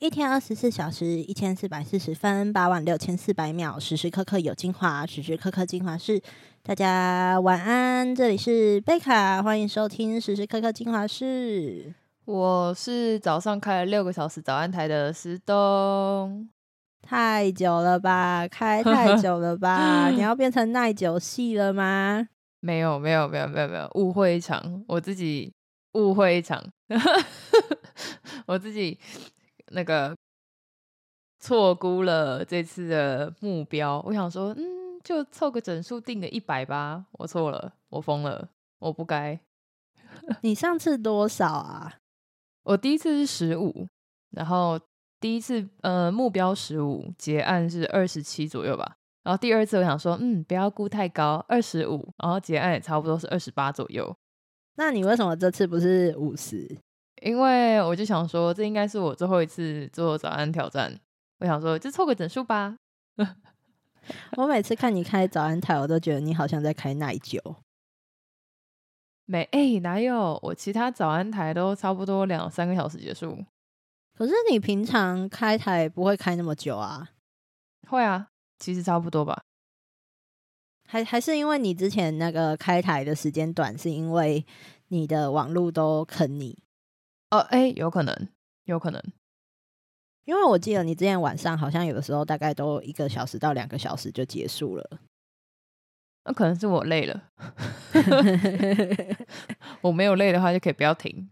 一天二十四小時，一千四百四十分，八萬六千四百秒，時時刻刻有精華，時時刻刻精華室。大家晚安，這裡是貝卡，歡迎收聽時時刻刻精華室。我是早上開了六個小時早安台的石咚，太久了吧，開太久了吧？ 你要變成耐久系了嗎？沒有，沒有，沒有，沒有，沒有，誤會一場，我自己誤會一場， 我自己。那個錯估了這次的目標，我想說，嗯，就湊個整數定個一百吧。我錯了，我瘋了，我不該。 你上次多少啊？我第一次是十五，然後第一次呃目標十五，結案是二十七左右吧。然後第二次我想說，嗯，不要估太高，二十五，然後結案也差不多是二十八左右。那你為什麼這次不是五十？因為我就想說，這應該是我最後一次做早安挑戰。我想說，就湊個整數吧。 我每次看你開早安台，我都覺得你好像在開耐久。沒。哎、欸，哪有？我其他早安台都差不多兩三個小時結束。可是你平常開台不會開那麼久啊？會啊，其實差不多吧。還還是因為你之前那個開台的時間短，是因為你的網路都坑你。哦，哎、欸，有可能，有可能，因為我記得你之前晚上好像有的時候大概都一個小時到兩個小時就結束了，那、啊、可能是我累了， 我沒有累的話就可以不要停。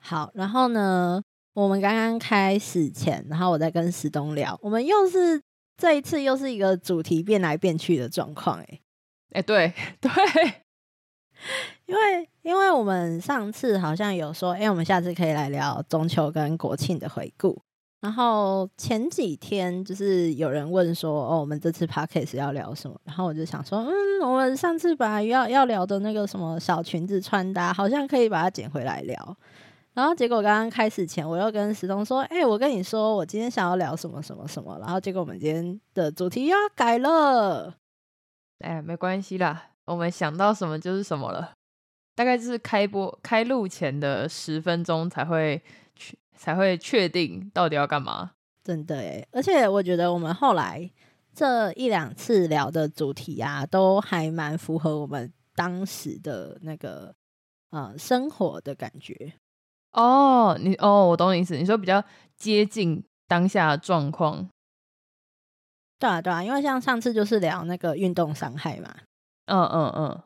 好，然後呢，我們剛剛開始前，然後我在跟石咚聊，我們又是這一次又是一個主題變來變去的狀況、欸，哎，哎，對，對。因為，因為我們上次好像有說，哎、欸，我們下次可以來聊中秋跟國慶的回顧。然後前幾天就是有人問說，哦，我們這次 podcast 要聊什麼？然後我就想說，嗯，我們上次本來要要聊的那個什麼小裙子穿搭，好像可以把它撿回來聊。然後結果剛剛開始前，我又跟石咚說，哎、欸，我跟你說，我今天想要聊什麼什麼什麼。然後結果我們今天的主題又要改了。哎，沒關係啦。我們想到什麼就是什麼了，大概就是開播開錄前的十分鐘才會去，才會確定到底要幹嘛。真的哎，而且我覺得我們後來這一兩次聊的主題啊，都還蠻符合我們當時的那個呃生活的感覺。哦，你，哦，我懂你意思。你說比較接近當下的狀況。對啊，對啊，因為像上次就是聊那個運動傷害嘛。嗯嗯嗯，嗯嗯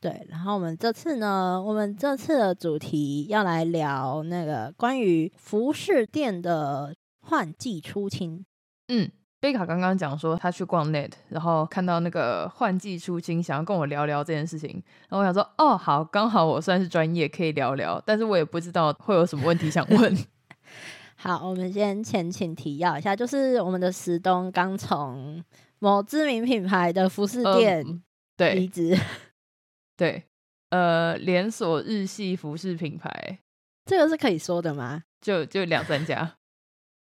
對。然後我們這次呢，我們這次的主題要來聊那個關於服飾店的換季出清。嗯，蓓卡剛剛講說他去逛 Net，然後看到那個換季出清，想要跟我聊聊這件事情。然後我想說，哦，好，剛好我算是專業，可以聊聊，但是我也不知道會有什麼問題想問。 好，我們先前情提要一下，就是我們的石咚剛從某知名品牌的服飾店，嗯。嗯離職，對，一直 對，呃，連鎖日系服飾品牌，這個是可以說的嗎？就就兩三家，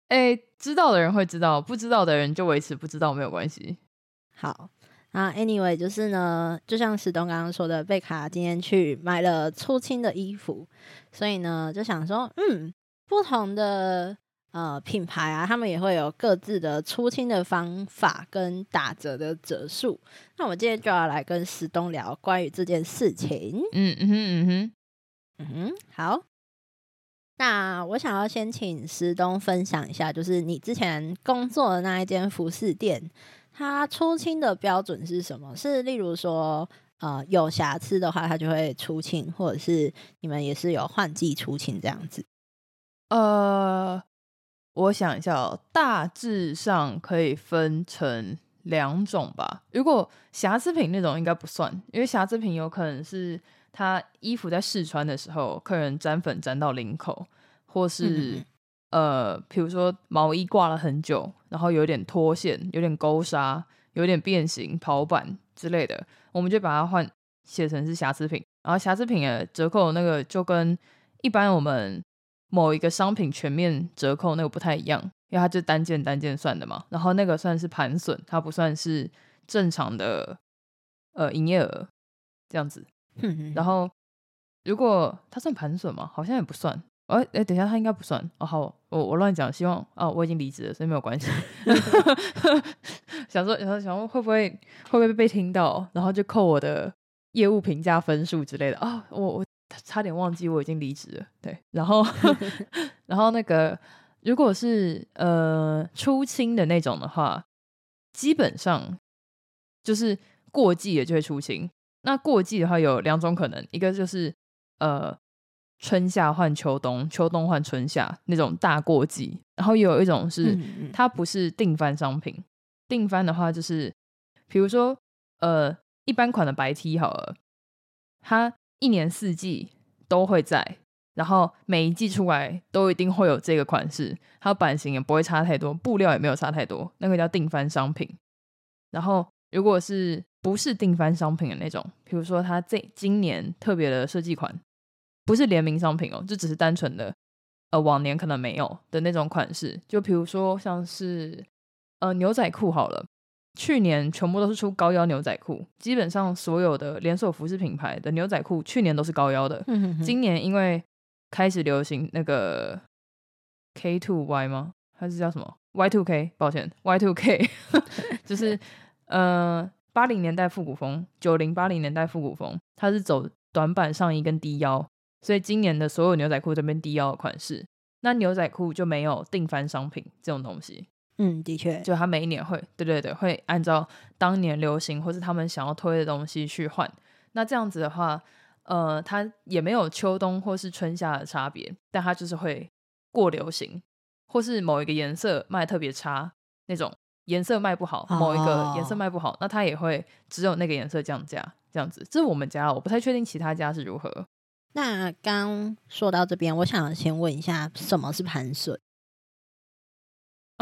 哎、 欸，知道的人會知道，不知道的人就維持不知道沒有關係。好啊，anyway，就是呢，就像石咚剛剛說的，蓓卡今天去買了出清的衣服，所以呢，就想說，嗯，不同的。呃，品牌啊，他們也會有各自的出清的方法跟打折的折數。那我今天就要來跟石咚聊關於這件事情。嗯嗯哼嗯哼嗯嗯嗯，好。那我想要先請石咚分享一下，就是你之前工作的那一間服飾店，它出清的標準是什麼？是例如說，呃，有瑕疵的話，它就會出清，或者是你們也是有換季出清這樣子？呃。我想一下，哦，大致上可以分成兩種吧。如果瑕疵品那種應該不算，因為瑕疵品有可能是他衣服在試穿的時候客人沾粉沾到領口，或是，嗯、哼呃，比如說毛衣掛了很久，然後有點脫線、有點勾紗、有點變形、跑版之類的，我們就把它換寫成是瑕疵品。然後瑕疵品的折扣的那個就跟一般我們。某一個商品全面折扣，那個不太一樣，因為它是單件單件算的嘛，然後那個算是盤損，它不算是正常的呃營業額這樣子。然後如果它算盤損嗎，好像也不算。哦，哎，等一下，它應該不算。哦，好，我我亂講，希望啊、哦，我已經離職了，所以沒有關係。 想說，想說，想問會不會會不會被聽到？然後就扣我的業務評價分數之類的啊、哦，我我。差點忘記我已經離職了，對，然後， 然後那個，如果是呃出清的那種的話，基本上就是過季也就會出清。那過季的話有兩種可能，一個就是呃春夏換秋冬，秋冬換春夏那種大過季，然後又有一種是它不是定番商品，定番的話就是比如說呃一般款的白 T 好了，它。一年四季都會在，然後每一季出來都一定會有這個款式，它版型也不會差太多，布料也沒有差太多，那個叫定番商品。然後，如果是不是定番商品的那種，比如說它這今年特別的設計款，不是聯名商品哦，就只是單純的，呃，往年可能沒有的那種款式，就比如說像是呃牛仔褲好了。去年全部都是出高腰牛仔褲，基本上所有的連鎖服飾品牌的牛仔褲去年都是高腰的。嗯、哼哼今年因為開始流行那個 K two Y 嗎？還是叫什麼 Y two K？抱歉，Y two K 就是呃八零年代復古風，九零八零年代復古風，它是走短版上衣跟低腰，所以今年的所有牛仔褲都變成低腰的款式，那牛仔褲就沒有定番商品這種東西。嗯，的確，就他每一年會，對對對，會按照當年流行或是他們想要推的東西去換。那這樣子的話，呃，它也沒有秋冬或是春夏的差別，但它就是會過流行，或是某一個顏色賣特別差，那種顏色賣不好，哦、某一個顏色賣不好，那它也會只有那個顏色降價這樣子。這是我們家，我不太確定其他家是如何。那剛說到這邊，我想先問一下，什麼是盤水？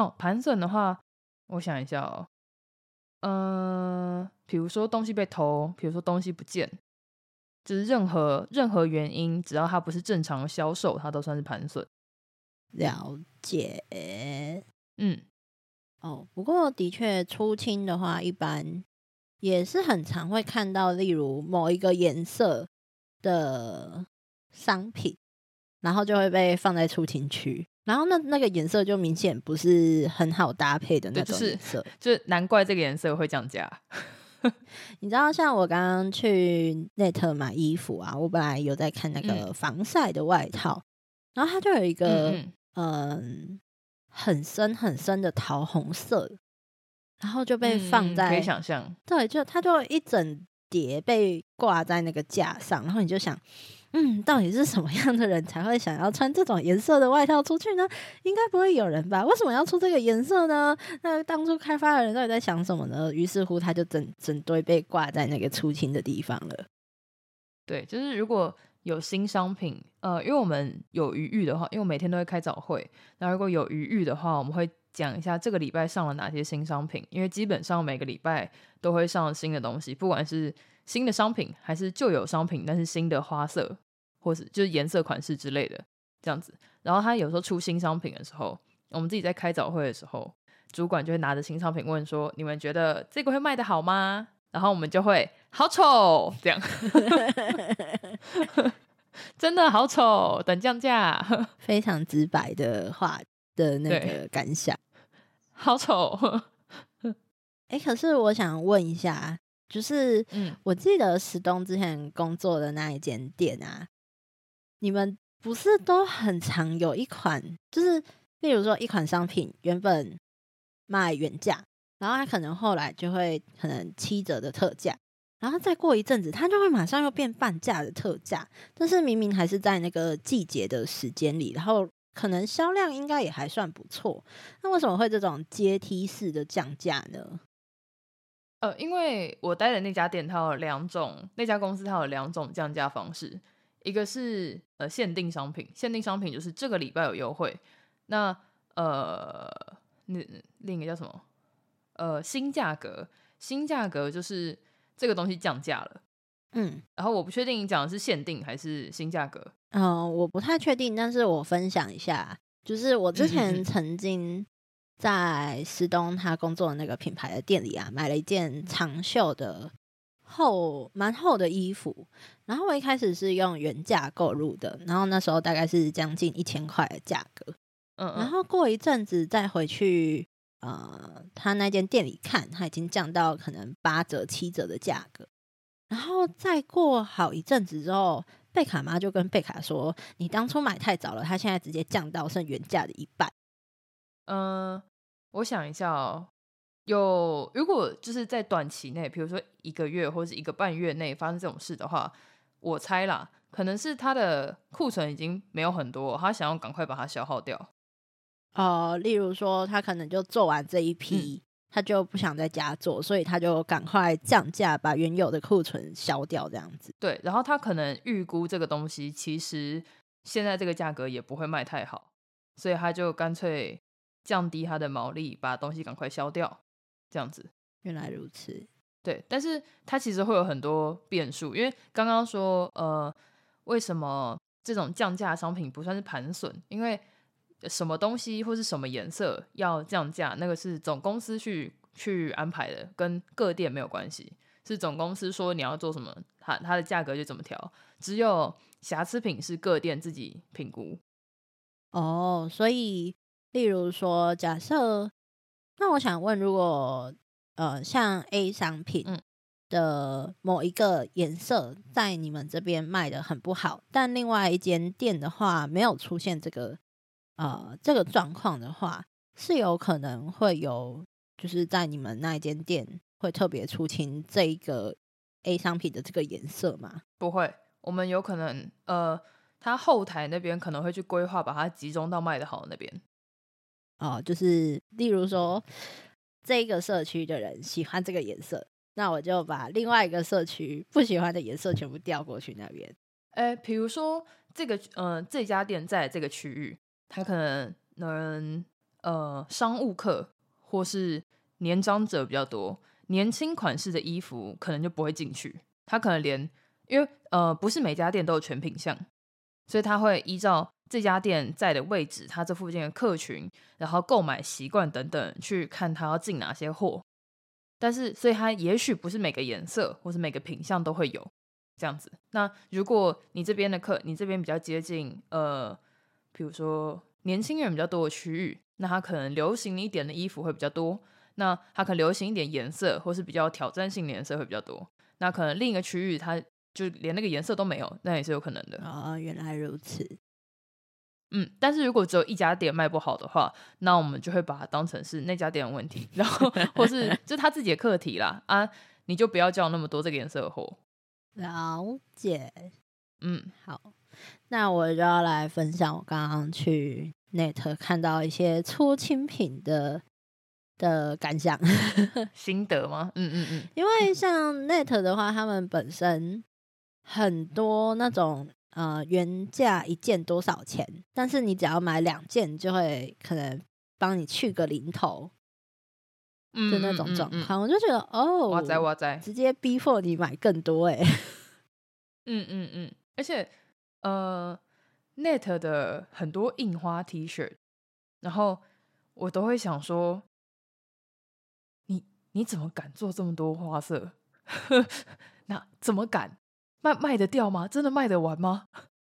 哦，盤損的話，我想一下哦，呃，比如說東西被偷，比如說東西不見，就是任何任何原因，只要它不是正常的銷售，它都算是盤損。了解，嗯，哦，不過的確出清的話，一般也是很常會看到，例如某一個顏色的商品，然後就會被放在出清區。然後那那個顏色就明顯不是很好搭配的那種顏色，就是、就難怪這個顏色會降價。 你知道，像我剛剛去 NET 買衣服啊，我本來有在看那個防曬的外套，嗯、然後它就有一個嗯、呃、很深很深的桃紅色，然後就被放在、嗯、可以想象，對，就它就有一整疊被掛在那個架上，然後你就想。嗯，到底是什麼樣的人才會想要穿這種顏色的外套出去呢？應該不會有人吧？為什麼要出這個顏色呢？那當初開發的人到底在想什麼呢？於是乎，他就整整堆被掛在那個出清的地方了。對，就是如果有新商品，呃，因為我們有餘裕的話，因為我每天都會開早會，那如果有餘裕的話，我們會講一下這個禮拜上了哪些新商品，因為基本上每個禮拜都會上新的東西，不管是。新的商品還是舊有商品，但是新的花色或是就是顏色款式之類的這樣子。然後他有時候出新商品的時候，我們自己在開早會的時候，主管就會拿着新商品問說：“你們覺得這個會賣得好嗎？”然後我們就會“好醜”這樣， 真的好醜，等降價。 非常直白的話的那個感想，好醜。哎、 欸，可是我想問一下。就是，嗯，我記得石咚之前工作的那一間店啊，你們不是都很常有一款，就是例如說一款商品原本賣原價，然後它可能後來就會可能七折的特價，然後再過一陣子，它就會馬上又變半價的特價，但是明明還是在那個季節的時間裡，然後可能銷量應該也還算不錯，那為什麼會這種階梯式的降價呢？呃，因為我待的那家店，它有兩種，那家公司它有兩種降價方式，一個是呃限定商品，限定商品就是這個禮拜有優惠，那呃，那另一個叫什麼？呃，新價格，新價格就是這個東西降價了，嗯。然後我不確定你講的是限定還是新價格，嗯、哦，我不太確定，但是我分享一下，就是我之前曾經、嗯哼哼。在石咚他工作的那個品牌的店裡啊，買了一件長袖的厚，蠻厚的衣服。然後我一開始是用原價購入的，然後那時候大概是將近一千塊的價格。嗯，嗯。然後過一陣子再回去，呃，他那間店裡看，他已經降到可能八折、七折的價格。然後再過好一陣子之後，蓓卡媽就跟蓓卡說：“你當初買太早了，他現在直接降到剩原價的一半。”嗯。我想一下哦，有如果就是在短期內，比如說一個月或者是一個半月內發生這種事的話，我猜啦，可能是他的庫存已經沒有很多，他想要趕快把它消耗掉。呃，例如說他可能就做完這一批，嗯，他就不想再加做，所以他就趕快降價，把原有的庫存消掉，這樣子。對，然後他可能預估這個東西其實現在這個價格也不會賣太好，所以他就乾脆。降低它的毛利，把東西趕快消掉，這樣子。原來如此，對。但是它其實會有很多變數，因為剛剛說，呃，為什麼這種降價商品不算是盤損？因為什麼東西或是什麼顏色要降價，那個是總公司去去安排的，跟各店沒有關係。是總公司說你要做什麼，它它的價格就怎麼調。只有瑕疵品是各店自己評估。哦，oh, 所以。例如說假設，那我想問，如果呃，像 A 商品的某一個顏色在你們這邊賣的很不好，但另外一間店的話沒有出現這個呃這個狀況的話，是有可能會有就是在你們那一間店會特別出清這一個 A 商品的這個顏色嗎？不會，我們有可能呃，他後台那邊可能會去規劃，把它集中到賣的好的那邊。哦，就是例如說，這個社區的人喜歡這個顏色，那我就把另外一個社區不喜歡的顏色全部調過去那邊。哎，比如說這個，呃這家店在這個區域，他可能能呃商務客或是年長者比較多，年輕款式的衣服可能就不會進去，他可能連因為呃不是每家店都有全品項，所以他會依照。這家店在的位置，它這附近的客群，然後購買習慣等等，去看它要進哪些貨。但是，所以它也許不是每個顏色或是每個品相都會有這樣子。那如果你這邊的客，你這邊比較接近呃，比如說年輕人比較多的區域，那它可能流行一點的衣服會比較多。那它可能流行一點顏色，或是比較挑戰性的顏色會比較多。那可能另一個區域它就連那個顏色都沒有，那也是有可能的。啊、哦，原來如此。嗯，但是如果只有一家店賣不好的話，那我們就會把它當成是那家店的問題，然後或是就他自己的課題啦。啊，你就不要叫那麼多這個顏色的貨。了解。嗯，好，那我就要來分享我剛剛去 Net 看到一些出清品的的感想心得 嗎？嗯嗯嗯，因為像 Net 的話，他們本身很多那種。呃，原價一件多少錢？但是你只要買兩件，就會可能幫你去個零頭，嗯、就那種狀況。嗯嗯嗯、我就覺得，哦，哇塞哇塞，直接逼迫你買更多哎、欸嗯。嗯嗯嗯，而且呃，NET 的很多印花 T 恤，shirt，然後我都會想說，你你怎麼敢做這麼多花色？ 那怎麼敢？賣賣得掉嗎？真的賣得完嗎？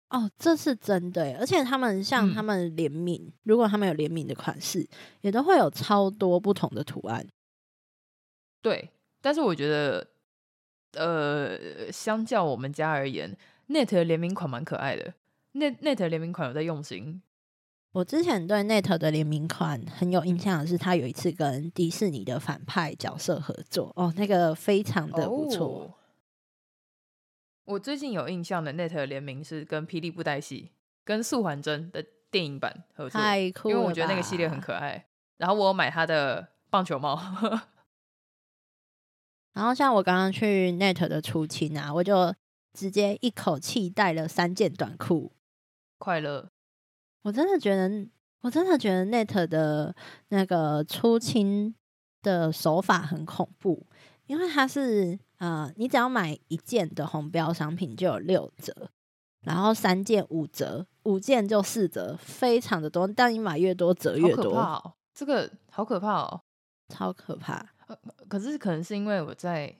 哦，這是真的，而且他們像他們聯名，嗯、如果他們有聯名的款式，也都會有超多不同的圖案。對，但是我覺得，呃，相較我們家而言，Net 的聯名款蠻可愛的。Net、Net 的聯名款有在用心。我之前對 Net 的聯名款很有印象的是，他有一次跟迪士尼的反派角色合作，哦，那個非常的不錯。哦我最近有印象的 Net 的聯名是跟《霹靂布袋戲》跟《素還真》的電影版合作，因為我覺得那個系列很可愛。然後我有買他的棒球帽。呵呵，然後像我剛剛去 Net 的出清啊，我就直接一口氣帶了三件短褲，快樂樂。我真的覺得，我真的覺得 Net 的那個出清的手法很恐怖，因為他是。呃、你只要買一件的紅標商品就有六折，然後三件五折，五件就四折，非常的多。但你買越多折越多，哦、這個好可怕哦，超可怕。可是可能是因為我在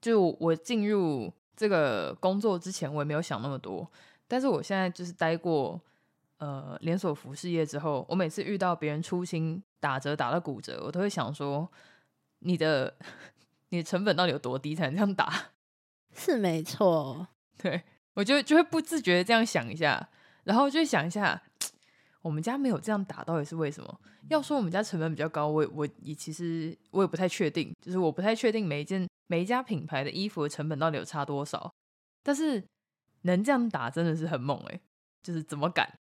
就我進入這個工作之前，我也沒有想那麼多。但是我現在就是待過、呃、連鎖服飾業之後，我每次遇到別人出清打折打到骨折，我都會想說你的。你的成本到底有多低才能這樣打？是沒錯。對，我就就會不自覺的這樣想一下，然後就想一下，我們家沒有這樣打到底是為什麼？要說我們家成本比較高，我我也其實我也不太確定，就是我不太確定每一件每一家品牌的衣服的成本到底有差多少，但是能這樣打真的是很猛欸，就是怎麼敢？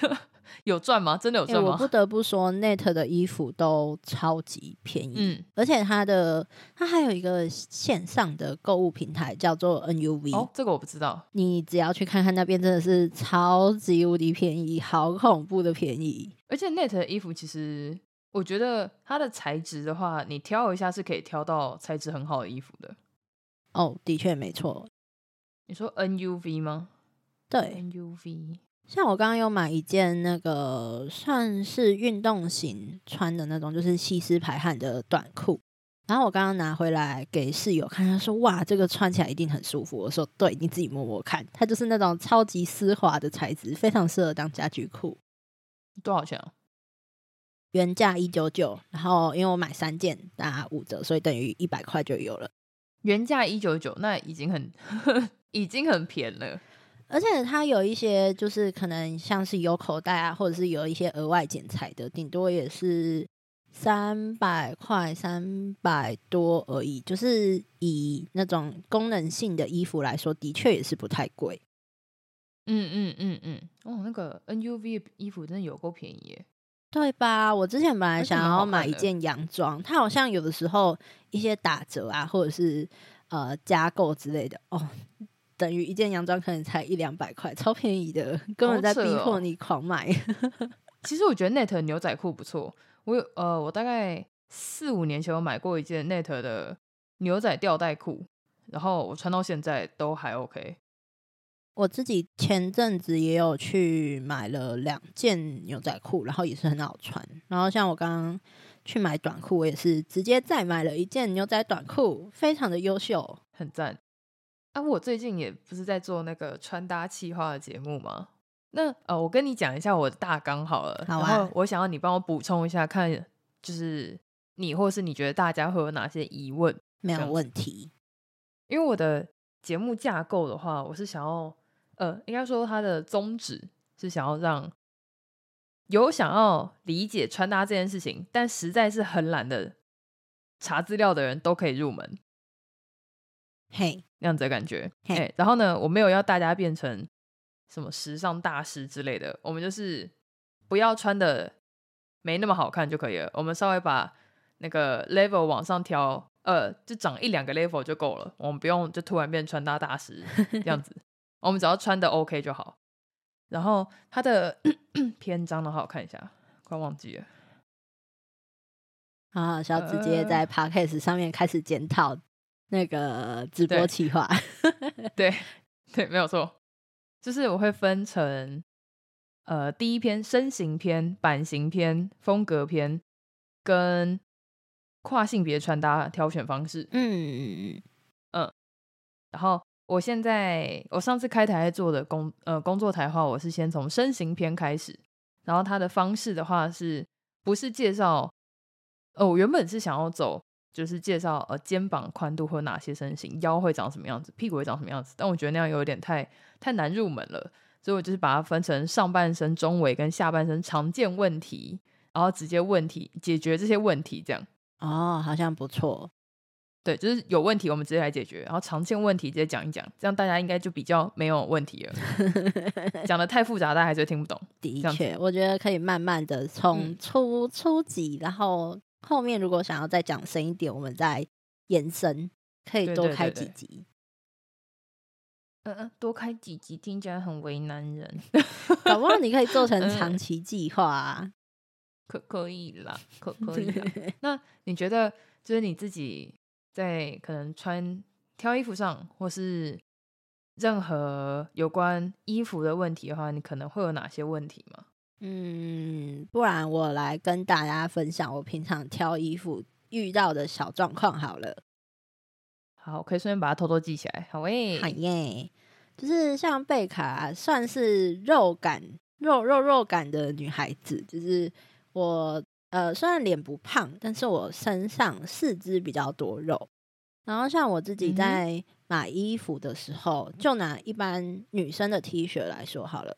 有賺嗎？真的有賺嗎？欸，我不得不說，Net 的衣服都超級便宜，嗯，而且它的它還有一個線上的購物平台叫做 NUV，哦，這個我不知道。你只要去看看那邊，真的是超級無敵便宜，好恐怖的便宜。而且 Net 的衣服其實，我覺得它的材質的話，你挑一下是可以挑到材質很好的衣服的。哦，的確沒錯。你說 NUV 嗎？對，NUV。像我剛剛有買一件那個算是運動型穿的那種，就是吸濕排汗的短褲。然後我剛剛拿回來給室友看，他說：“哇，這個穿起來一定很舒服。”我說：“對，你自己摸摸看，它就是那種超級絲滑的材質，非常適合當家居褲。”多少錢啊？原價一九九，然後因為我買三件打五折，所以等於一百塊就有了。原價一九九，那已經很，呵呵，已經很便宜了。而且它有一些就是可能像是有口袋啊，或者是有一些額外剪裁的，頂多也是三百塊、三百多而已。就是以那種功能性的衣服來說，的確也是不太貴。嗯，嗯嗯嗯嗯，哦，那個 N U V 的衣服真的有夠便宜耶，對吧？我之前本來想要買一件洋裝，它好像有的時候一些打折啊，或者是呃加購之類的，哦。等於一件洋裝可能才一兩百塊，超便宜的，根本在逼迫你狂買。哦、 其實我覺得 NET 牛仔褲不錯，我有呃，我大概四五年前有買過一件 NET 的牛仔吊帶褲，然後我穿到現在都還 OK。我自己前陣子也有去買了兩件牛仔褲，然後也是很好穿。然後像我剛剛去買短褲，我也是直接再買了一件牛仔短褲，非常的優秀，很讚。啊，我最近也不是在做那個穿搭企劃的節目嗎？那呃，我跟你講一下我的大綱好了，好玩，然後我想要你幫我補充一下，看就是你或是你覺得大家會有哪些疑問？沒有問題。因為我的節目架構的話，我是想要呃，應該說它的宗旨是想要讓有想要理解穿搭這件事情，但實在是很懶得查資料的人都可以入門。嘿，那 Hey, 樣子的感覺。嘿 Hey.、欸，然後呢，我沒有要大家變成什麼時尚大師之類的，我們就是不要穿得沒那麼好看就可以了。我們稍微把那個 level 往上調，呃，就長一兩個 level 就夠了。我們不用就突然變穿搭大、大師這樣子， 我們只要穿得 OK 就好。然後他的 篇章的話，我看一下，快忘記了。好，好，小姐直接在 podcast 上面開始檢討。那個直播企劃對， 對對，沒有錯，就是我會分成呃第一篇身形篇、版型篇、風格篇跟跨性別穿搭挑選方式，嗯嗯嗯嗯，然後我現在我上次開台做的工呃工作台的話，我是先從身形篇開始，然後它的方式的話是不是介紹？哦，我原本是想要走。就是介紹呃肩膀寬度或哪些身形，腰會長什麼樣子，屁股會長什麼樣子。但我覺得那樣有點太太難入門了，所以我就是把它分成上半身、中尾跟下半身常見問題，然後直接問題解決這些問題這樣。哦，好像不錯。對，就是有問題我們直接來解決，然後常見問題直接講一講，這樣大家應該就比較沒有問題了。 講得太複雜，大家還是聽不懂。的確，我覺得可以慢慢的從初、嗯、初級，然後。後面如果想要再講深一點，我們再延伸，可以多開幾集。嗯嗯，多開幾集聽起來很為難人， 搞不好你可以做成長期計劃。嗯、可以可以啦，可以可以啦。 那你覺得，就是你自己在可能穿、挑衣服上，或是任何有關衣服的問題的話，你可能會有哪些問題嗎？嗯，不然我來跟大家分享我平常挑衣服遇到的小狀況好了。好，可以順便把它偷偷記起來，好誒、欸，好耶。就是像貝卡、啊、算是肉感、肉肉肉感的女孩子，就是我呃，雖然臉不胖，但是我身上四肢比較多肉。然後像我自己在買衣服的時候，嗯、哼，就拿一般女生的 T 恤來說好了。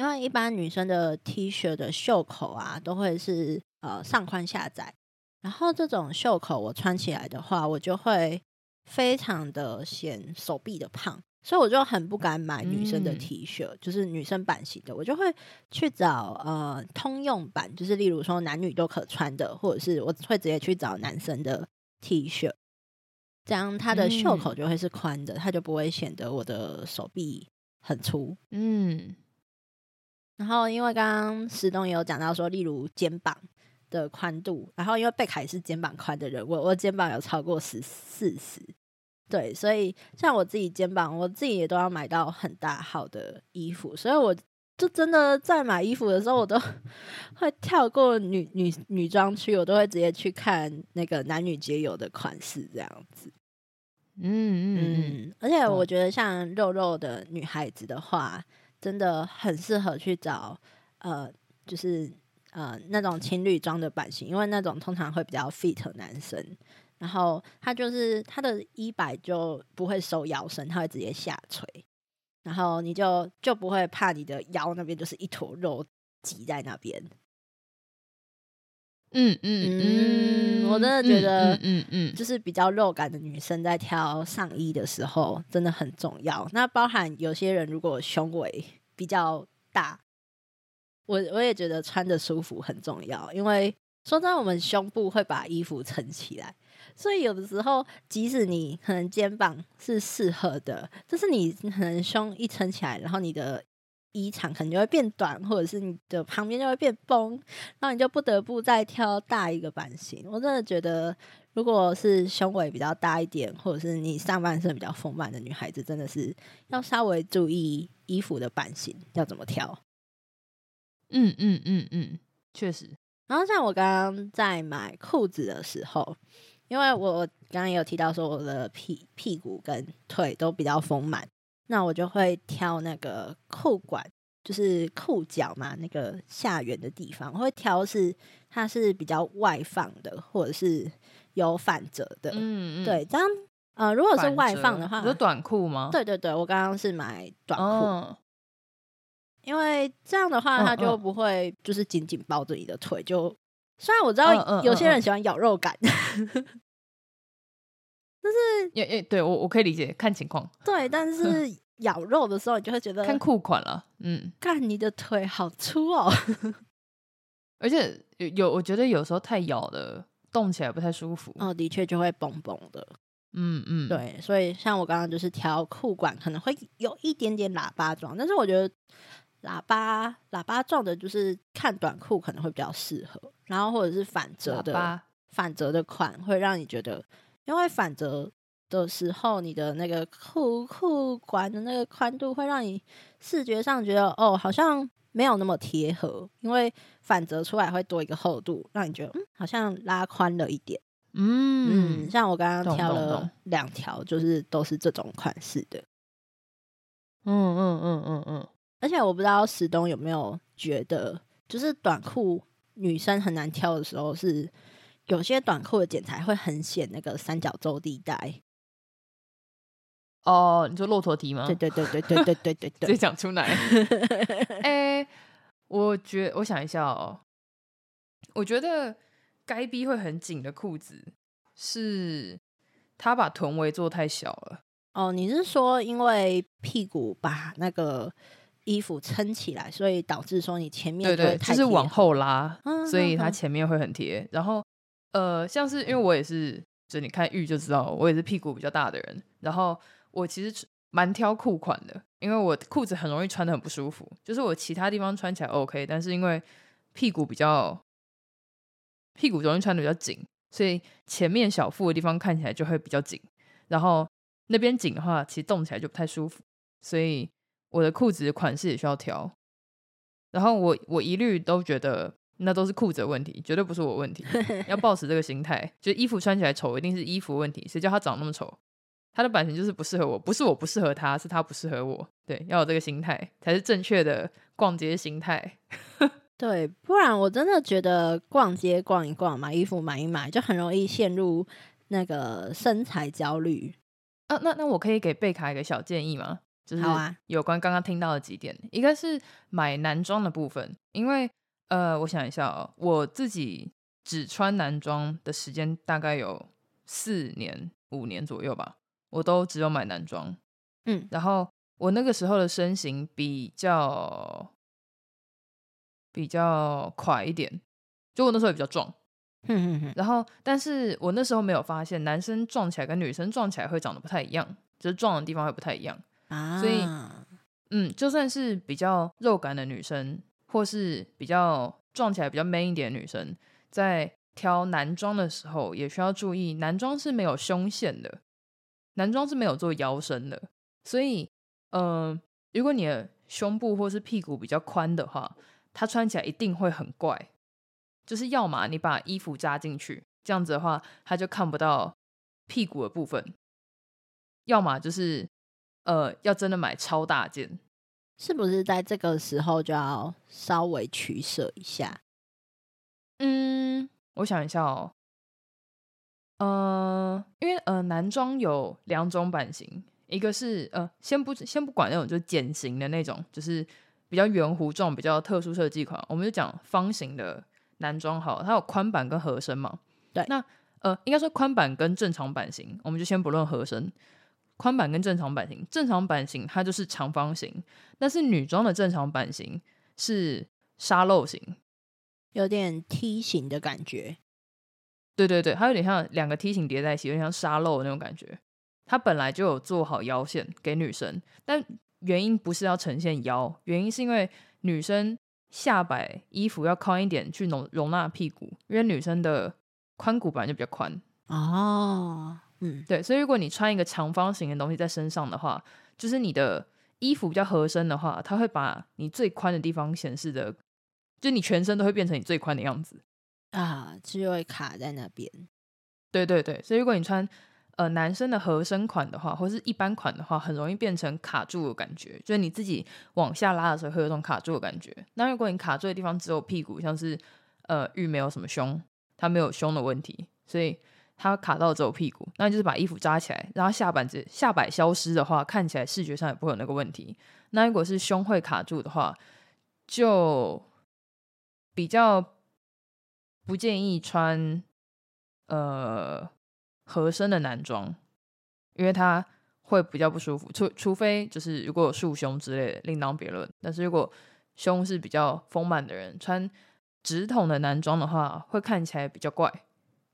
因為一般女生的 T 恤的袖口啊，都會是呃上寬下窄，然後這種袖口我穿起來的話，我就會非常的顯手臂的胖，所以我就很不敢買女生的 T 恤，嗯、就是女生版型的，我就會去找呃通用版，就是例如說男女都可穿的，或者是我會直接去找男生的 T 恤，這樣它的袖口就會是寬的，嗯、它就不會顯得我的手臂很粗，嗯。然後，因為剛剛石咚也有講到說，例如肩膀的寬度。然後，因為蓓卡是肩膀寬的人，我我肩膀有超過十四十，對，所以像我自己肩膀，我自己也都要買到很大號的衣服。所以，我就真的在買衣服的時候，我都會跳過女女女裝區，我都會直接去看那個男女皆有的款式這樣子。嗯嗯嗯，而且我覺得像肉肉的女孩子的話。真的很適合去找，呃，就是呃那種情侶裝的版型，因為那種通常會比較 fit 男生，然後他就是他的衣擺就不會收腰身，他會直接下垂，然後你就就不會怕你的腰那邊就是一坨肉擠在那邊。嗯嗯嗯，我真的覺得，嗯嗯，就是比較肉感的女生在挑上衣的時候真的很重要。那包含有些人如果胸圍比較大，我我也覺得穿着舒服很重要，因為說到我們胸部會把衣服撐起來，所以有的時候即使你可能肩膀是適合的，就是你可能胸一撐起來，然後你的。衣長可能就會變短，或者是你的旁邊就會變崩，然後你就不得不再挑大一個版型。我真的覺得，如果是胸圍比較大一點，或者是你上半身比較豐滿的女孩子，真的是要稍微注意衣服的版型要怎麼挑。嗯嗯嗯嗯，嗯嗯嗯確實。然後像我剛剛在買褲子的時候，因為我剛剛也有提到說我的屁屁股跟腿都比較豐滿。那我就會挑那個褲管，就是褲腳嘛，那個下緣的地方，我會挑是它是比較外放的，或者是有反折的。嗯，嗯，對這樣。呃，如果是外放的話，是短褲嗎？啊？對對對，我剛剛是買短褲，哦、因為這樣的話它就不會就是緊緊包着你的腿，就雖然我知道有些人喜歡咬肉感。嗯嗯嗯嗯 但是，也也、yeah, yeah, 對，我我可以理解，看情況。對，但是咬肉的時候，你就會覺得 看褲款了。嗯，看你的腿好粗哦。 而且有有，我覺得有時候太咬的，動起來不太舒服。哦，的確就會嘣嘣的。嗯嗯，嗯對。所以像我剛剛就是挑褲管，可能會有一點點喇叭狀，但是我覺得喇叭喇叭狀的，就是看短褲可能會比較適合。然後或者是反折的叭反折的款，會讓你覺得。因為反折的時候，你的那個褲褲管的那個寬度會讓你視覺上覺得哦，好像沒有那麼貼合，因為反折出來會多一個厚度，讓你覺得嗯，好像拉寬了一點。嗯，嗯像我剛剛挑了兩條，就是都是這種款式的。嗯嗯嗯嗯嗯，嗯嗯嗯嗯嗯，而且我不知道石咚有沒有覺得，就是短褲女生很難挑的時候是。有些短褲的剪裁會很顯那個三角洲地帶。哦，你說駱駝蹄嗎？對對對對對對對對對， 講出來。哎、 欸，我覺我想一下哦，我覺得該逼會很緊的褲子是他把臀圍做太小了。哦，你是說因為屁股把那個衣服撐起來，所以導致說你前面對對，就是往後拉，嗯、所以它前面會很貼，然後。呃，像是，因為我也是，就你看玉，就知道，我也是屁股比較大的人。然後我其實蠻挑褲款的，因為我褲子很容易穿的很不舒服。就是我其他地方穿起來 OK，但是因為屁股比較，屁股容易穿的比較緊，所以前面小腹的地方看起來就會比較緊。然後那邊緊的話，其實動起來就不太舒服。所以我的褲子的款式也需要挑。然後我我一律都覺得。那都是褲子的問題，絕對不是我問題。要抱持這個心態， 就衣服穿起來醜，一定是衣服問題。誰叫他長那麼醜？他的版型就是不適合我，不是我不適合他，是他不適合我。對，要有這個心態，才是正確的逛街心態。 對，不然我真的覺得逛街逛一逛，買衣服買一買，就很容易陷入那個身材焦慮。啊，那那我可以給蓓卡一個小建議嗎？好啊。就是有關剛剛聽到的幾點，一個、啊、是買男裝的部分，因為。呃，我想一下哦，我自己只穿男裝的時間大概有四年五年左右吧，我都只有買男裝，嗯，然後我那個時候的身形比較比較垮一點，就我那時候也比較壯，嗯嗯嗯，然後但是我那時候沒有發現男生壯起來跟女生壯起來會長得不太一樣，就是壯的地方會不太一樣啊，所以嗯，就算是比較肉感的女生。或是比較壯起來、比較 man 一點的女生，在挑男裝的時候也需要注意，男裝是沒有胸線的，男裝是沒有做腰身的，所以，嗯、呃，如果你的胸部或是屁股比較寬的話，它穿起來一定會很怪，就是要麼你把衣服扎進去，這樣子的話，它就看不到屁股的部分；要麼就是，呃，要真的買超大件。是不是在這個時候就要稍微取舍一下？嗯，我想一下哦。呃，因為呃，男裝有兩種版型，一個是呃，先不先不管那種，就是繭型的那種，就是比較圓弧狀、比較特殊設計款。我們就講方形的男裝好，它有寬版跟合身嘛。對，那呃，應該說寬版跟正常版型，我們就先不論合身。寬版跟正常版型，正常版型它就是長方形，但是女裝的正常版型是沙漏型，有點梯形的感覺。對對對，它有點像兩個梯形疊在一起，有點像沙漏的那種感覺。它本來就有做好腰線給女生，但原因不是要呈現腰，原因是因為女生下擺衣服要寬一點去容容納屁股，因為女生的髖骨本來就比較寬。哦。嗯，對，所以如果你穿一個長方形的東西在身上的話，就是你的衣服比較合身的話，它會把你最寬的地方顯示的，就你全身都會變成你最寬的樣子啊，就會卡在那邊。對對對，所以如果你穿呃男生的合身款的話，或是一般款的話，很容易變成卡住的感覺，就是你自己往下拉的時候會有種卡住的感覺。那如果你卡住的地方只有屁股，像是呃玉沒有什麼胸，它沒有胸的問題，所以。他卡到只有屁股，那就是把衣服扎起來，然後下半截下擺消失的話，看起來視覺上也不會有那個問題。那如果是胸會卡住的話，就比較不建議穿呃合身的男裝，因為他會比較不舒服。除除非就是如果有束胸之類的另當別論，但是如果胸是比較豐滿的人穿直筒的男裝的話，會看起來比較怪，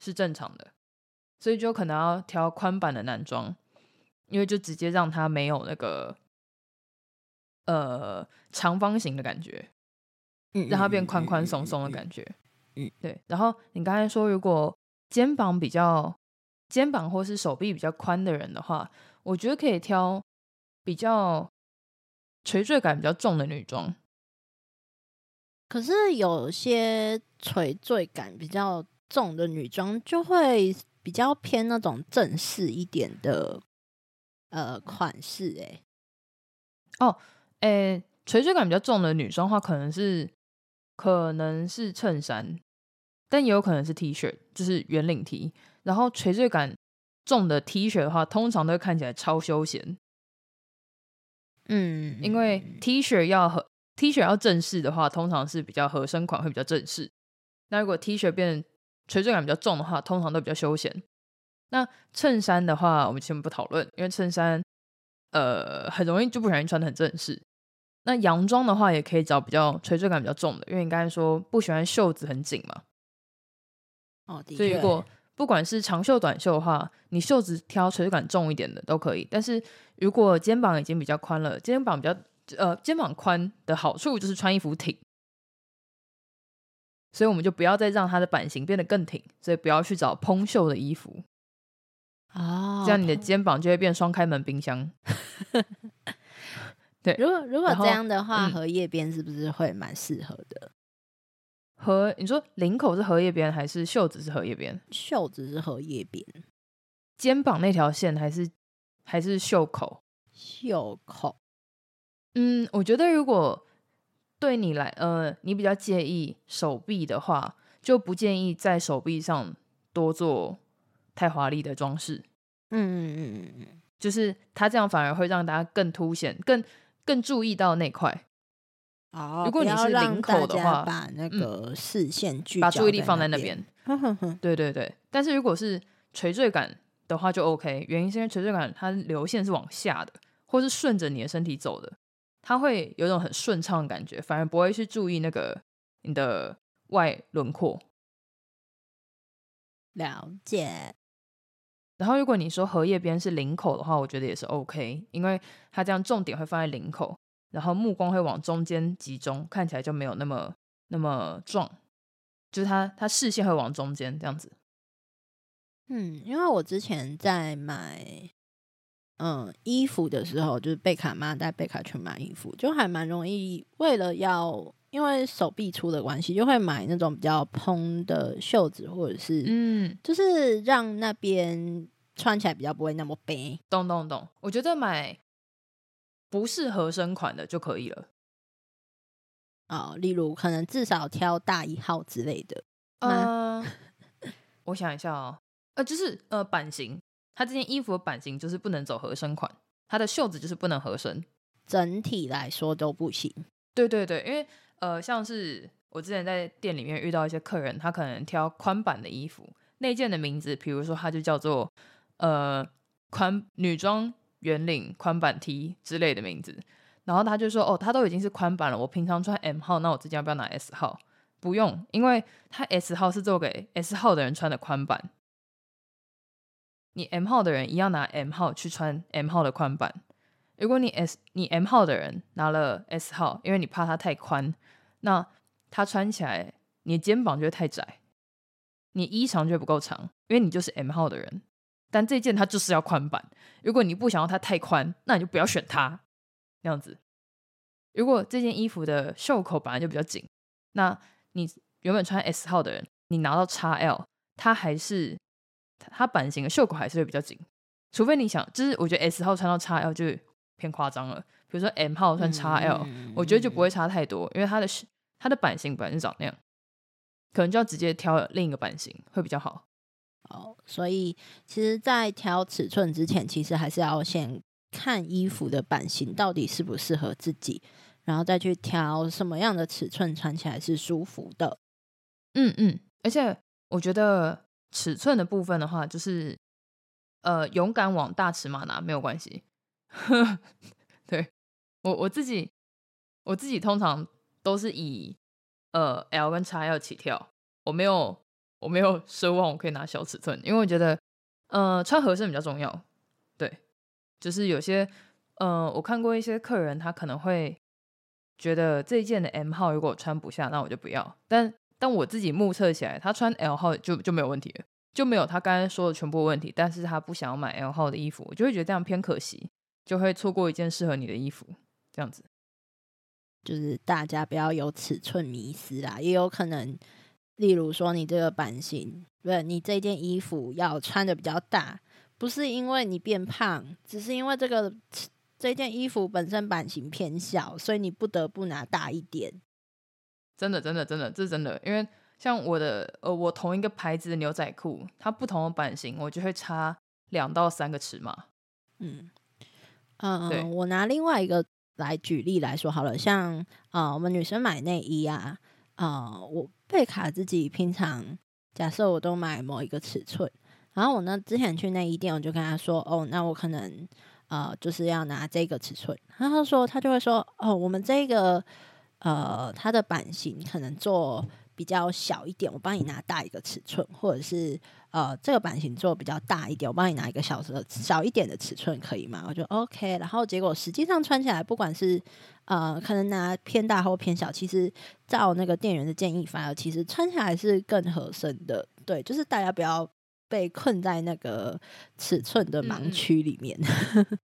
是正常的。所以就可能要挑寬版的男裝，因為就直接讓他沒有那個呃長方形的感覺，嗯，讓他變寬寬鬆鬆的感覺，嗯，對。然後你剛才說，如果肩膀比較肩膀或是手臂比較寬的人的話，我覺得可以挑比較垂墜感比較重的女裝。可是有些垂墜感比較重的女裝就會。比較偏那種正式一點的，呃，款式哎、欸，哦，呃、欸，垂墜感比較重的女生，的話可能是，可能是可能是襯衫，但也有可能是 T 恤，shirt, 就是圓領 T。然後垂墜感重的 T 恤的話，通常都會看起來超休閒。嗯，嗯，因為 T 恤要和 T 恤要正式的話，通常是比較合身款會比較正式。那如果 T 恤變。垂墜感比較重的話，通常都比較休閒。那襯衫的話，我們先不討論，因為襯衫呃很容易就不小心穿的很正式。那洋裝的話，也可以找比較垂墜感比較重的，因為你剛才說不喜歡袖子很緊嘛。哦，的確。所以如果不管是長袖短袖的話，你袖子挑垂墜感重一點的都可以。但是如果肩膀已經比較寬了，肩膀比較呃肩膀寬的好處就是穿衣服挺。所以我們就不要再讓它的版型變得更挺，所以不要去找蓬袖的衣服啊，oh, 這樣你的肩膀就會變雙開門冰箱。 對，如果如果這樣的話，荷葉邊是不是會蠻適合的？嗯、荷，你說領口是荷葉邊還是袖子是荷葉邊？袖子是荷葉邊，肩膀那條線還是還是袖口？袖口。嗯，我覺得如果。對你來，呃，你比較介意手臂的話，就不建議在手臂上多做太華麗的裝飾。嗯嗯嗯嗯嗯，就是它這樣反而會讓大家更凸顯、更更注意到那塊。哦、如果你是領口的話，把那個視線聚焦、嗯，把注意力放在那邊。 對對對，但是如果是垂墜感的話就 OK，原因是因為垂墜感它流線是往下的，或是順着你的身體走的。它會有一種很順暢的感覺，反而不會去注意那個你的外輪廓。了解。然後如果你說荷葉邊是領口的話，我覺得也是 OK，因為它這樣重點會放在領口，然後目光會往中間集中，看起來就沒有那麼那麼壯，就是它它視線會往中間這樣子。嗯，因為我之前在買。嗯，衣服的時候，就是貝卡媽帶貝卡去買衣服，就還蠻容易。為了要因為手臂粗的關係，就會買那種比較蓬的袖子，或者是嗯，就是讓那邊穿起來比較不會那麼肥。懂懂懂，我覺得買不是合身款的就可以了。啊、哦，例如可能至少挑大一號之類的。嗯，呃、 我想一下哦，呃，就是呃，版型。它這件衣服的版型就是不能走合身款，它的袖子就是不能合身，整體來說都不行。對對對，因為呃，像是我之前在店裡面遇到一些客人，他可能挑寬版的衣服，那件的名字，比如說他就叫做呃寬女裝圓領寬版 T 之類的名字，然後他就說哦，他都已經是寬版了，我平常穿 M 號，那我這件要不要拿 S 號？不用，因為它 S 號是做給 S 號的人穿的寬版。你 M 號的人一樣拿 M 號去穿 M 號的寬版。如果你 S，你 M 號的人拿了 S 號，因為你怕它太寬，那它穿起來你肩膀就會太窄，你衣長就會不夠長，因為你就是 M 號的人。但這件它就是要寬版，如果你不想要它太寬，那你就不要選它。這樣子，如果這件衣服的袖口本來就比較緊，那你原本穿 S 號的人，你拿到 XL，它還是。它版型的袖口還是會比較緊，除非你想，就是我覺得 S 號穿到 XL 就偏誇張了。比如說 M 號穿 XL，、嗯嗯、我覺得就不會差太多，嗯嗯、因為它的它的版型本來就長那樣，可能就要直接挑另一個版型會比較好。哦，所以其實，在挑尺寸之前，其實還是要先看衣服的版型到底適不適合自己，然後再去挑什麼樣的尺寸穿起來是舒服的。嗯嗯，而且我覺得。尺寸的部分的話，就是呃，勇敢往大尺碼拿沒有關係。 對，我我自己，我自己通常都是以呃 L 跟 XL 起跳，我沒有我沒有奢望我可以拿小尺寸，因為我覺得呃穿合身比較重要。對，就是有些呃，我看過一些客人，他可能會覺得這一件的 M 號如果我穿不下，那我就不要。但但我自己目測起來，他穿 L 號就就沒有問題了，就沒有他剛才說的全部的問題。但是他不想要買 L 號的衣服，我就會覺得這樣偏可惜，就會錯過一件適合你的衣服。這樣子，就是大家不要有尺寸迷思啦。也有可能，例如說你這個版型，對，你這件衣服要穿的比較大，不是因為你變胖，只是因為這個這件衣服本身版型偏小，所以你不得不拿大一點。真的，真的，真的，這是真的，因為像我的呃，我同一個牌子的牛仔褲，它不同的版型，我就會差兩到三個尺碼。嗯嗯，呃、對我拿另外一個來舉例來說好了，像啊、呃，我們女生買內衣啊，啊、呃，我蓓卡自己平常假設我都買某一個尺寸，然後我呢之前去內衣店，我就跟他說，哦，那我可能啊、呃，就是要拿這個尺寸，然後他說他就會說，哦，我們這個。呃，它的版型可能做比較小一點，我幫你拿大一個尺寸，或者是呃，這個版型做比較大一點，我幫你拿一個小的、小一點的尺寸，可以嗎？我就 OK。然後結果實際上穿起來，不管是呃，可能拿偏大或偏小，其實照那個店員的建議發，反而其實穿起來是更合身的。對，就是大家不要被困在那個尺寸的盲區裡面，嗯、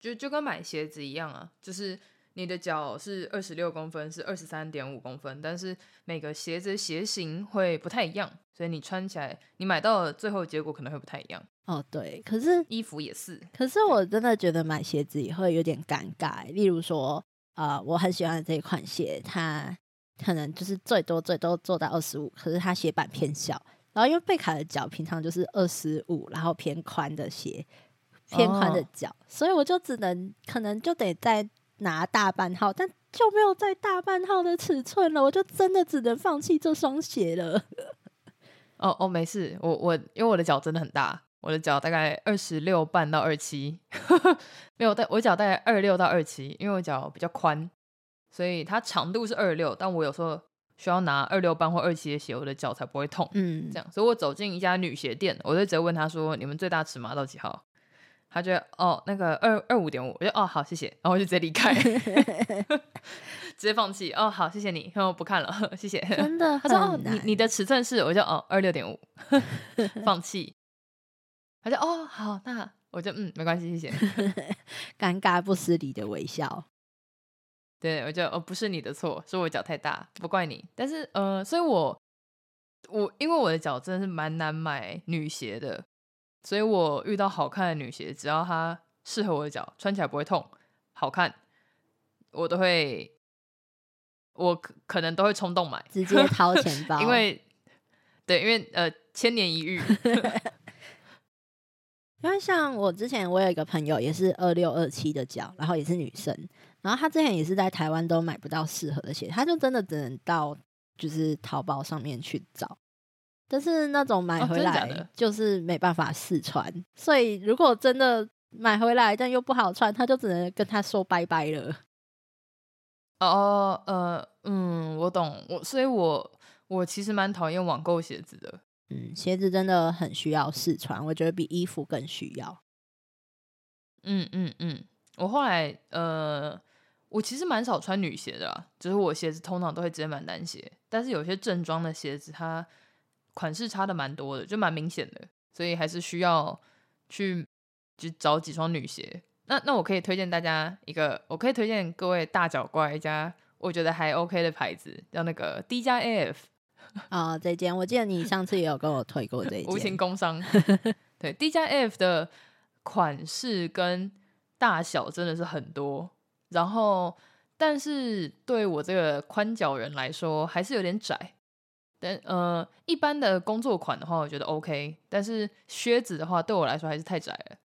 就就跟買鞋子一樣啊，就是。你的腳是二十六公分，是二十三點五公分，但是每個鞋子鞋型會不太一樣，所以你穿起來，你買到的最後結果可能會不太一樣。哦，對，可是衣服也是，可是我真的覺得買鞋子也會有點尷尬、欸。例如說，啊、呃，我很喜歡的這一款鞋，它可能就是最多最多做到二十五，可是它鞋版偏小。然後因為蓓卡的腳平常就是二十五，然後偏寬的鞋，偏寬的腳，哦、所以我就只能可能就得在。拿大半號，但就沒有再大半號的尺寸了，我就真的只能放棄這雙鞋了。哦哦，沒事，我我因為我的腳真的很大，我的腳大概二十六半到二七，沒有帶我腳大概二六到二七，因為我腳比較寬，所以它長度是二六，但我有時候需要拿二六半或二七的鞋，我的腳才不會痛。嗯，這樣，所以我走進一家女鞋店，我就直接問她說：“你們最大尺碼到幾號？”他就哦，那個二二五點五，我就哦好，謝謝，然後我就直接離開， 直接放棄。哦，好，謝謝你，我不看了，謝謝。真的，他說哦，你你的尺寸是，我就哦二六點五，2, 放棄。 他就哦，好，那好我就嗯，沒關係，謝謝。 尷尬不失禮的微笑。對，我就哦，不是你的錯，是我腳太大，不怪你。但是呃，所以我我因為我的腳真的是蠻難買女鞋的。所以我遇到好看的女鞋，只要它適合我的腳，穿起來不會痛、好看，我都會，我可能都會衝動買，直接掏錢包。 因為，對，因為呃，千年一遇。因 為 像我之前，我有一個朋友也是二六二七的腳，然後也是女生，然後她之前也是在台灣都買不到適合的鞋，她就真的只能到就是淘寶上面去找。但是那種買回來就是沒辦法試穿。哦，真的假的？所以如果真的買回來但又不好穿，他就只能跟他說拜拜了。哦，呃，嗯，我懂我，所以我我其實蠻討厭網購鞋子的。嗯，鞋子真的很需要試穿，我覺得比衣服更需要。嗯嗯嗯，我後來呃，我其實蠻少穿女鞋的，只，就是我鞋子通常都會直接買男鞋，但是有些正裝的鞋子它款式差的蠻多的，就蠻明顯的，所以還是需要去就找幾雙女鞋。那那我可以推薦大家一個，我可以推薦各位大腳怪一家，我覺得還 OK 的牌子叫那個 D+AF 啊，這間我記得你上次也有跟我推過這間。 無形工商 對 D+AF 的款式跟大小真的是很多，然後但是對我這個寬腳人來說還是有點窄。但呃，一般的工作款的話，我覺得 OK。但是靴子的話，對我來說還是太窄了。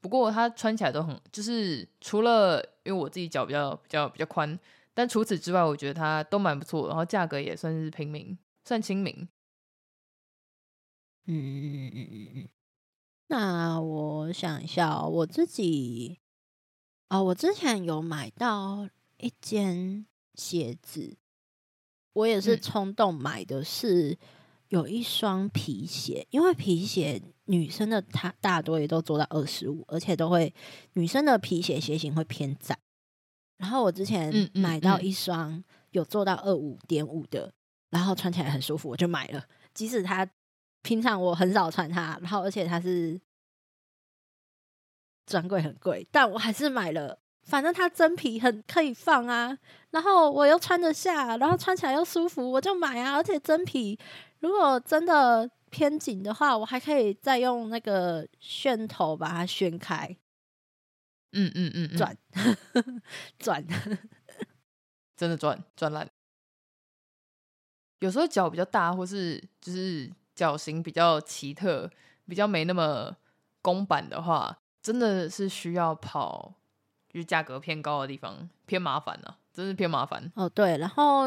不過它穿起來都很，就是除了因為我自己腳比較比較比較寬，但除此之外，我覺得它都蠻不錯。然後價格也算是平民，算親民。嗯嗯嗯嗯嗯嗯。那我想一下、哦，我自己啊、哦，我之前有買到一件鞋子。我也是衝動買的，是有一雙皮鞋，因為皮鞋女生的她大多也都做到二十五，而且都會女生的皮鞋鞋型，會偏窄。然後我之前買到一雙有做到二五點五的。嗯嗯嗯、然後穿起來很舒服，我就買了。即使它平常我很少穿它，然後而且它是專櫃很貴，但我還是買了。反正它真皮很可以放啊。然後我又穿得下，然後穿起來又舒服，我就買啊！而且真皮，如果真的偏緊的話，我還可以再用那個楦頭把它楦開。嗯嗯嗯，轉、嗯嗯嗯、轉， 轉真的轉轉爛。有時候腳比較大，或是就是腳型比較奇特、比較沒那麼公版的話，真的是需要跑，就是價格偏高的地方，偏麻煩啊。真是偏麻煩哦，對，然後，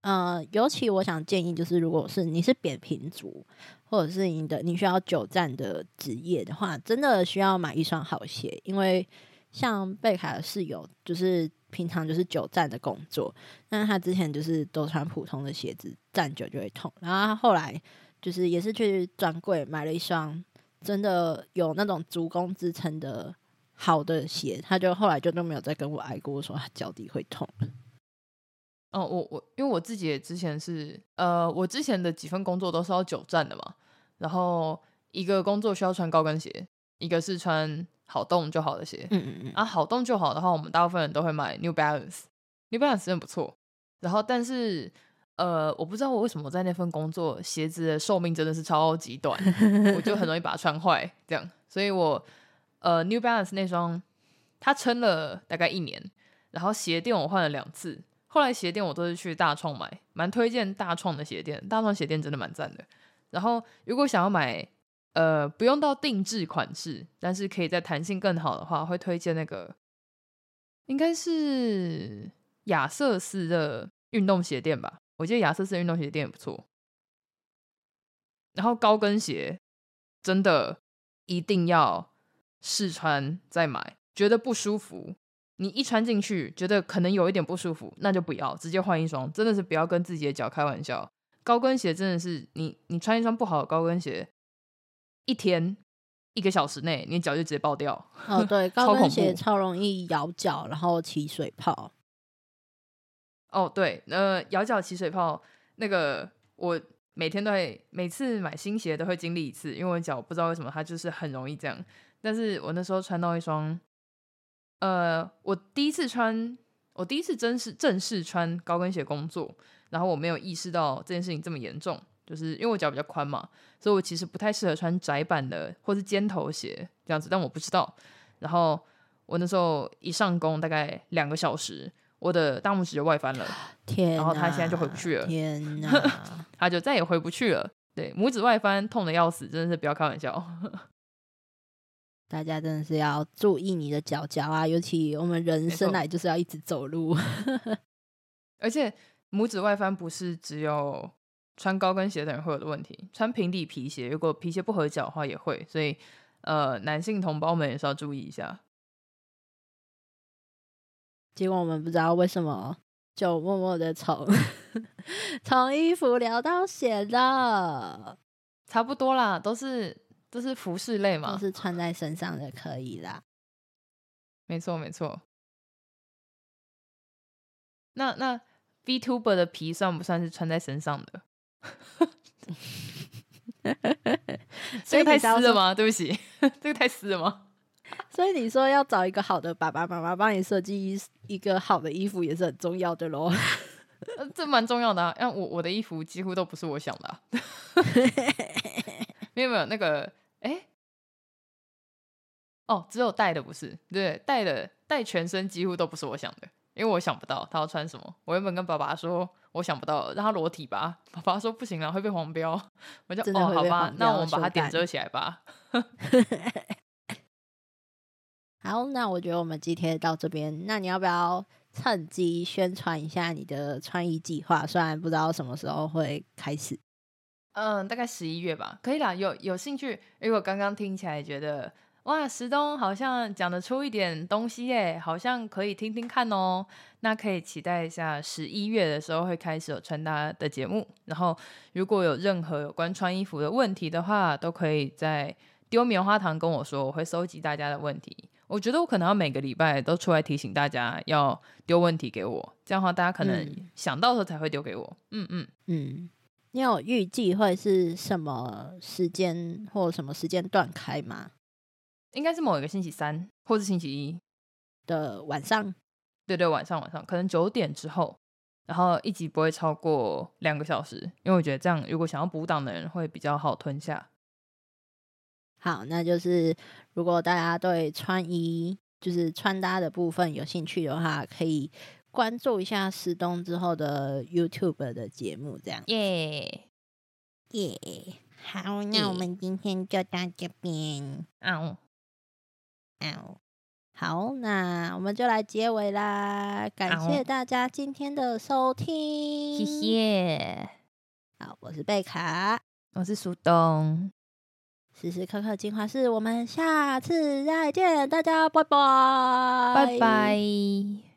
呃，尤其我想建議就是，如果是你是扁平足，或者是你的你需要久站的職業的話，真的需要買一雙好鞋，因為像貝卡的室友，就是平常就是久站的工作，但他之前就是都穿普通的鞋子，站久就會痛，然後他後來就是也是去專櫃買了一雙，真的有那種足弓支撐的。好的鞋，他就後來就都沒有再跟我挨過，說他腳底會痛。嗯、哦，我我因為我自己也之前是呃，我之前的幾份工作都是要久站的嘛，然後一個工作需要穿高跟鞋，一個是穿好動就好的鞋。嗯嗯嗯啊，好動就好的話，我們大部分人都會買 New Balance，New Balance 真不錯。然後但是呃，我不知道我為什麼在那份工作鞋子的壽命真的是超級短， 我就很容易把它穿壞，這樣，所以我。呃，New Balance 那雙，它撐了大概一年，然後鞋墊我換了兩次。後來鞋墊我都是去大創買，蠻推薦大創的鞋墊。大創鞋墊真的蠻讚的。然後如果想要買，呃，不用到定制款式，但是可以在彈性更好的話，會推薦那個，應該是亞瑟士的運動鞋墊吧。我覺得亞瑟士運動鞋墊也不錯。然後高跟鞋真的一定要。試穿再買，覺得不舒服，你一穿進去覺得可能有一點不舒服，那就不要直接換一雙。真的是不要跟自己的腳開玩笑，高跟鞋真的是你你穿一雙不好的高跟鞋，一天一個小時內，你腳就直接爆掉。哦對，高跟鞋 超容易咬腳，然後起水泡。哦，對，呃，咬腳起水泡，那個我每天都會，每次買新鞋都會經歷一次，因為我腳不知道為什麼它就是很容易這樣。.但是我那時候穿到一雙，呃，我第一次穿，我第一次正式正式穿高跟鞋工作，然後我沒有意識到這件事情這麼嚴重，就是因為我腳比較寬嘛，所以我其實不太適合穿窄版的或是尖頭鞋這樣子，但我不知道。然後我那時候一上工大概兩個小時，我的大拇指就外翻了，天哪！然後他現在就回不去了，天哪！ 他就再也回不去了。對，拇指外翻痛得要死，真的是不要開玩笑。 大家真的是要注意你的腳腳啊，尤其我們人生來就是要一直走路， 而且拇指外翻不是只有穿高跟鞋的人會有的問題，穿平底皮鞋如果皮鞋不合腳的話也會，所以呃，男性同胞們也是要注意一下。結果我們不知道為什麼就默默的從從衣服聊到鞋了，差不多啦，都是。這是服飾類嘛？就是穿在身上的，可以啦。沒錯，沒錯。那那 VTuber 的皮算不算是穿在身上的？ 這個太濕了嗎？對不起， 這個太濕了嗎？ 所以你說要找一個好的爸爸媽媽幫你設計一一個好的衣服也是很重要的嘍。 這蠻重要的啊！因為我我的衣服幾乎都不是我想的。沒有沒有那個。哎，哦，只有戴的不是，對，對，戴的戴全身幾乎都不是我想的，因為我想不到他要穿什麼。我原本跟爸爸說，我想不到，讓他裸體吧。爸爸說不行了、啊，會被黃標。我就哦，好吧，那我們把它點遮起來吧。 好，那我覺得我們今天到這邊，那你要不要趁機宣傳一下你的穿衣計劃？雖然不知道什麼時候會開始。嗯，大概十一月吧，可以啦。有有興趣？如果剛剛聽起來覺得哇，石咚好像講得出一點東西耶，好像可以聽聽看哦、喔。那可以期待一下十一月的時候會開始有穿搭的節目。然後，如果有任何有關穿衣服的問題的話，都可以在丟棉花糖跟我說，我會收集大家的問題。我覺得我可能要每個禮拜都出來提醒大家要丟問題給我，這樣的話大家可能想到的時候才會丟給我。嗯嗯嗯。嗯你有預計會是什麼時間或什麼時間段開嗎？應該是某一個星期三或是星期一的晚上。對對，晚上晚上，可能九點之後。然後一集不會超過兩個小時，因為我覺得這樣，如果想要補檔的人會比較好吞下。好，那就是如果大家對穿衣就是穿搭的部分有興趣的話，可以。關注一下石咚之後的 YouTube 的節目，這樣耶耶。Yeah. yeah. 好，Yeah. 那我們今天就到這邊。哦哦，好，那我們就來結尾啦！感謝大家今天的收聽，oh. 謝謝。好，我是貝卡，我是石咚。時石刻刻精華室，我們下次再見，大家拜拜，拜拜。